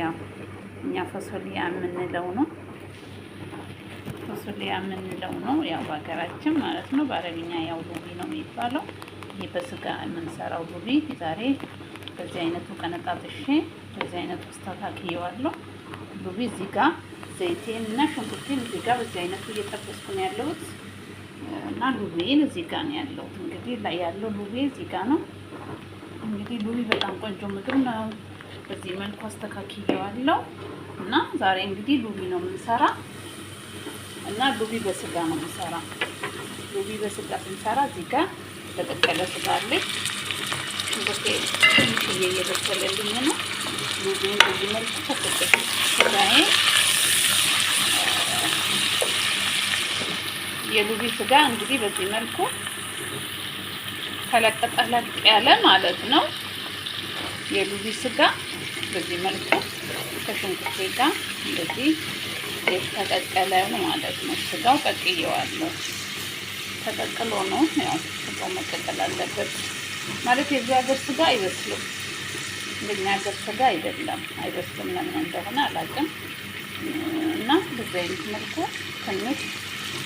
ያው እኛ ፈሶሊያ የምንለው ነው። ፈሶሊያ የምንለው ነው ያው በሀገራችን ማለት ነው። በአረብኛ ያው ሉቢ ነው የሚባለው። ይህ በስጋ የምንሰራው ሉቢ ዛሬ በዚህ አይነቱ ቀነጣጥሼ በዚህ አይነቱ አስተካክየዋለሁ። ሉቢ እዚህ ጋር ዘይቴን እና ሽንኩርቴን እዚህ ጋር በዚህ አይነቱ እየጠበስኩ ነው ያለሁት እና ሉቤን እዚህ ጋር ነው ያለሁት። እንግዲህ ላይ ያለው ሉቤ እዚህ ጋር ነው። እንግዲህ ሉቢ በጣም ቆንጆ ምግብ ነው። በዚህ መልኩ አስተካክየዋለሁ እና ዛሬ እንግዲህ ሉቢ ነው የምንሰራ እና ሉቢ በስጋ ነው የምንሰራ። ሉቢ በስጋ ስንሰራ እዚህ ጋር የተቀቀለ ስጋ አለኝ። እንግዲህ እየበሰለልኝ ነው። ሉቢውን በዚህ መልኩ ተቀቀለ ስጋዬ የሉቢ ስጋ እንግዲህ በዚህ መልኩ ተለቀጠለቅ ያለ ማለት ነው የሉቢ ስጋ በዚህ መልኩ ከሽንኩርቴ ጋር እንደዚህ የተቀቀለ ማለት ነው። ስጋው ቀቅየዋለሁ። ተቀቅሎ ነው ያው ስጋው መቀቀል አለበት ማለት የዚህ ሀገር ስጋ አይበስልም። እንደኛ ሀገር ስጋ አይደለም አይበስልም። ለምን እንደሆነ አላውቅም። እና በዚህ አይነት መልኩ ትንሽ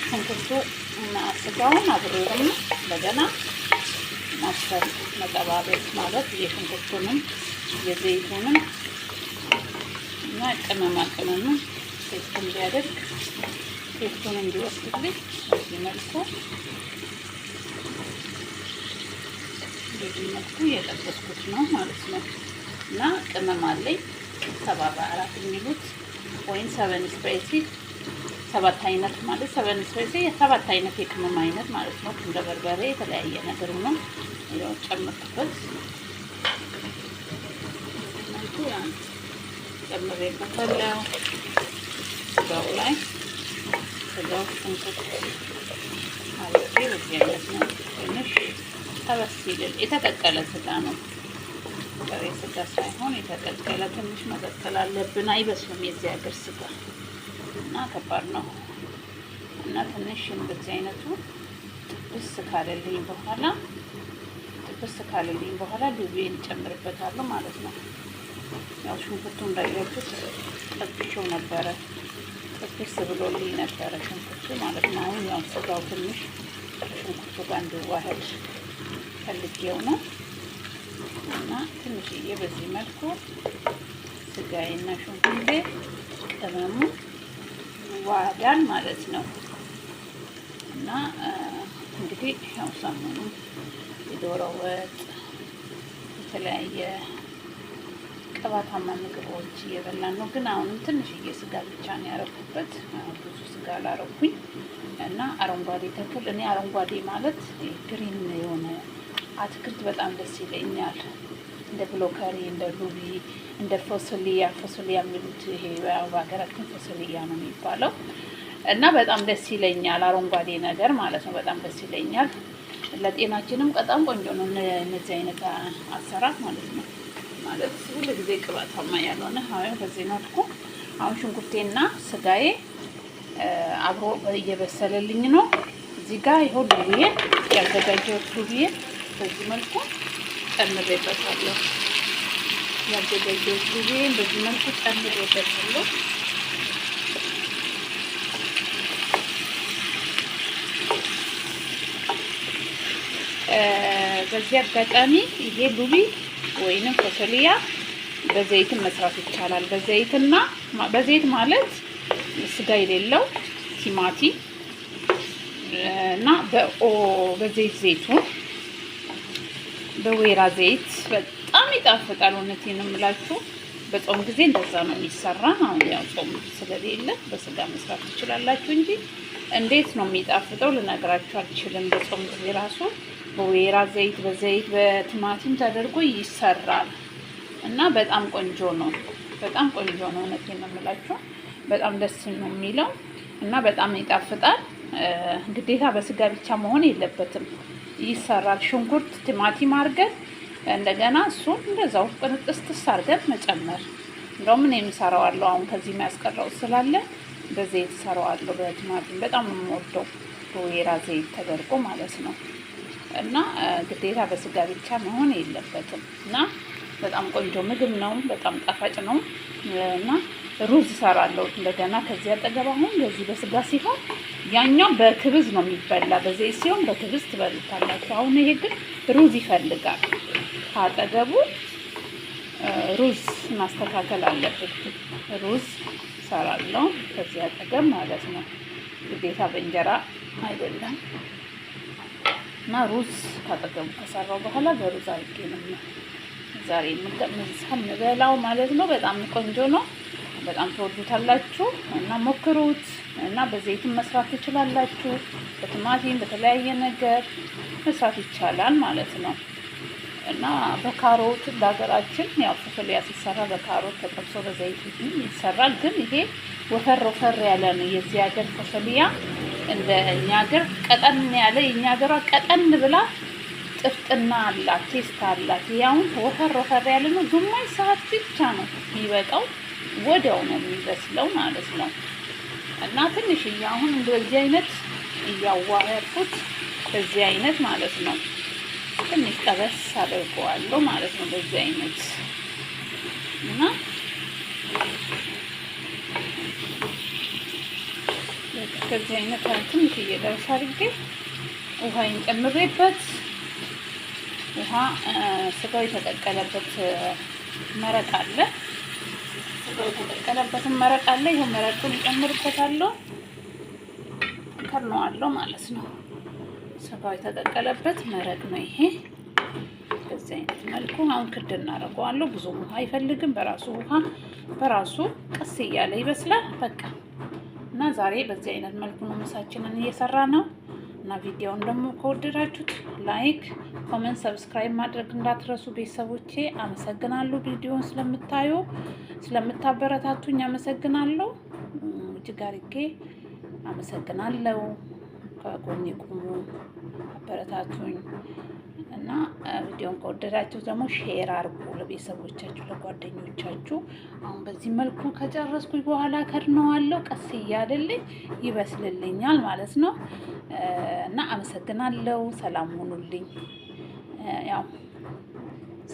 ሽንኩርቱ እና ስጋውን አብሮ ደግሞ በገና ማሰር መጠባበቅ ማለት የሽንኩርቱንም የዘይቱንም እና ቅመማ ቅመሙን ቴስት እንዲያደርግ ቴስቱን እንዲወስድልኝ በዚህ መልኩ በዚህ መልኩ እየጠበስኩት ነው ማለት ነው። እና ቅመም አለኝ ሰባ በአራት የሚሉት ወይም ሰቨን ስፓይሲ ሰባት አይነት ማለት ሰቨን ስፓይሲ የሰባት አይነት የቅመም አይነት ማለት ነው። እንደ በርበሬ የተለያየ ነገር ነው ያው ጨምርኩበት መልኩ ጨምሬበታለሁ። ስጋው ላይ ስጋው ሽንኩርት አድርጌ በዚህ አይነት ነው። ትንሽ ተበስ የተቀቀለ ስጋ ነው፣ ጥሬ ስጋ ሳይሆን የተቀቀለ። ትንሽ መቀቀል አለብን፣ አይበስሉም የዚህ ሀገር ስጋ እና ከባድ ነው እና ትንሽ እንደዚህ አይነቱ ጥብስ ካለልኝ በኋላ ጥብስ ካለልኝ በኋላ ዱቤን ጨምርበታለሁ ማለት ነው። ያው ሽንኩርቱ እንዳያችሁት ጠብሼው ነበረ። ጥብስ ብሎልኝ ነበረ ሽንኩርቱ ማለት ነው። አሁን ያው ስጋው ትንሽ ሽንኩርቱ ጋር እንዲዋህድ ፈልጌው ነው እና ትንሽዬ በዚህ መልኩ ስጋዬና ሽንኩርቴ ቅመሙ ዋህዳን ማለት ነው እና እንግዲህ ያው ሰሞኑን የዶሮ ወጥ የተለያየ ቅባታማ ምግቦች እየበላን ነው። ግን አሁንም ትንሽዬ ስጋ ብቻ ነው ያረኩበት፣ ብዙ ስጋ አላረኩኝ እና አረንጓዴ ተክል እኔ አረንጓዴ ማለት ግሪን የሆነ አትክልት በጣም ደስ ይለኛል። እንደ ብሎከሪ፣ እንደ ሉቢ፣ እንደ ፎሶሊያ ፎሶሊያ የሚሉት ይሄ በሀገራችን ፎሶሊያ ነው የሚባለው እና በጣም ደስ ይለኛል። አረንጓዴ ነገር ማለት ነው። በጣም ደስ ይለኛል። ለጤናችንም በጣም ቆንጆ ነው እነዚህ አይነት አሰራር ማለት ነው። ማለት ሁሉ ጊዜ ቅባታማ ያልሆነ በዚህ መልኩ አሁን ሽንኩርቴና ስጋዬ አብሮ እየበሰለልኝ ነው። እዚህ ጋር ይኸው ዱብዬ ያዘጋጀሁት ዱብዬ በዚህ መልኩ ጨምሬበታለሁ። ያዘጋጀሁት ዱብዬ በዚህ መልኩ ጨምሬበታለሁ። በዚህ አጋጣሚ ይሄ ዱቢ ወይንም ፈሶሊያ በዘይትም መስራት ይቻላል። በዘይትና በዘይት ማለት ስጋ የሌለው ቲማቲም እና በኦ በዘይት ዘይቱን በወይራ ዘይት በጣም ይጣፍጣል። እውነቴን ነው የምላችሁ። በጾም ጊዜ እንደዛ ነው የሚሰራ። አሁን ያው ጾም ስለሌለ በስጋ መስራት ትችላላችሁ እንጂ እንዴት ነው የሚጣፍጠው ልነግራችሁ አልችልም። በጾም ጊዜ ራሱ በወይራ ዘይት፣ በዘይት፣ በቲማቲም ተደርጎ ይሰራል እና በጣም ቆንጆ ነው። በጣም ቆንጆ ነው። እውነቴን ነው የምላችሁ። በጣም ደስ ነው የሚለው እና በጣም ይጣፍጣል። ግዴታ በስጋ ብቻ መሆን የለበትም። ይሰራል። ሽንኩርት፣ ቲማቲም አድርገን እንደገና እሱን እንደዛው ቅንጥስ ትሳርገን መጨመር እንደውም እኔ የምሰራዋለሁ አሁን ከዚህ የሚያስቀረው ስላለ በዘይት ሰራዋለሁ። በቲማቲም በጣም የምወደው በወይራ ዘይት ተደርጎ ማለት ነው። እና ግዴታ በስጋ ብቻ መሆን የለበትም እና በጣም ቆንጆ ምግብ ነው። በጣም ጣፋጭ ነው እና ሩዝ እሰራለሁ እንደገና ከዚህ አጠገብ አሁን በዚህ በስጋ ሲሆን ያኛው በክብዝ ነው የሚበላ፣ በዘይት ሲሆን በክብዝ ትበሉታላችሁ። አሁን ይሄ ግን ሩዝ ይፈልጋል። ከአጠገቡ ሩዝ ማስተካከል አለበት። ሩዝ እሰራለሁ ከዚህ አጠገብ ማለት ነው። ግዴታ በእንጀራ አይደለም። እና ሩዝ ካጠገቡ ከሰራው በኋላ በሩዝ አድርጌ ነው ዛሬ የምበላው ማለት ነው። በጣም ቆንጆ ነው። በጣም ተወዱታላችሁ እና ሞክሩት እና በዘይትም መስራት ትችላላችሁ። በቲማቲም በተለያየ ነገር መስራት ይቻላል ማለት ነው እና በካሮት እንደ ሀገራችን ያው ፍፍልያ ሲሰራ በካሮት ተጠብሶ በዘይት ይሰራል። ግን ይሄ ወፈር ወፈር ያለ ነው የዚህ ሀገር ፍፍልያ እንደ እኛ ሀገር ቀጠን ያለ የእኛ ሀገሯ ቀጠን ብላ ጥፍጥና አላት፣ ቴስት አላት። ያውን ወፈር ወፈር ያለ ነው። ግማሽ ሰዓት ብቻ ነው የሚበቃው፣ ወዲያው ነው የሚበስለው ማለት ነው። እና ትንሽዬ አሁን እንደዚህ አይነት እያዋረድኩት በዚህ አይነት ማለት ነው ትንሽ ጠበስ አድርገዋለሁ ማለት ነው በዚህ አይነት እና እንደዚህ አይነት ትንሽ እየደረስ አድርጌ ውሃ ጨምሬበት ውሃ ስጋው የተቀቀለበት መረቅ አለ። ስጋው የተቀቀለበትን መረቅ አለ። ይህ መረቁን እጨምርበታለሁ፣ ከርነዋለሁ ማለት ነው። ስጋው የተቀቀለበት መረቅ ነው ይሄ። በዚህ አይነት መልኩ አሁን ክድ እናደርገዋለሁ። ብዙ ውሃ አይፈልግም። በራሱ ውሃ በራሱ ቀስ እያለ ይበስላል። በቃ ዛሬ በዚህ አይነት መልኩ ነው ምሳችንን እየሰራ ነው እና ቪዲዮውን ደግሞ ከወደዳችሁት ላይክ፣ ኮመንት፣ ሰብስክራይብ ማድረግ እንዳትረሱ ቤተሰቦቼ። አመሰግናለሁ ቪዲዮውን ስለምታዩ ስለምታበረታቱኝ አመሰግናለሁ። እጅግ አድርጌ አመሰግናለሁ። ከጎኔ ቁሙ፣ አበረታቱኝ። እና ቪዲዮን ከወደዳችሁ ደግሞ ሼር አርጉ ለቤተሰቦቻችሁ፣ ለጓደኞቻችሁ። አሁን በዚህ መልኩ ከጨረስኩኝ በኋላ ከድነዋለሁ። ቀስ እያለልኝ ይበስልልኛል ማለት ነው እና አመሰግናለሁ። ሰላም ሆኑልኝ። ያው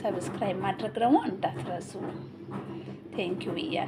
ሰብስክራይብ ማድረግ ደግሞ እንዳትረሱ። ቴንኪዩ ብያለሁ።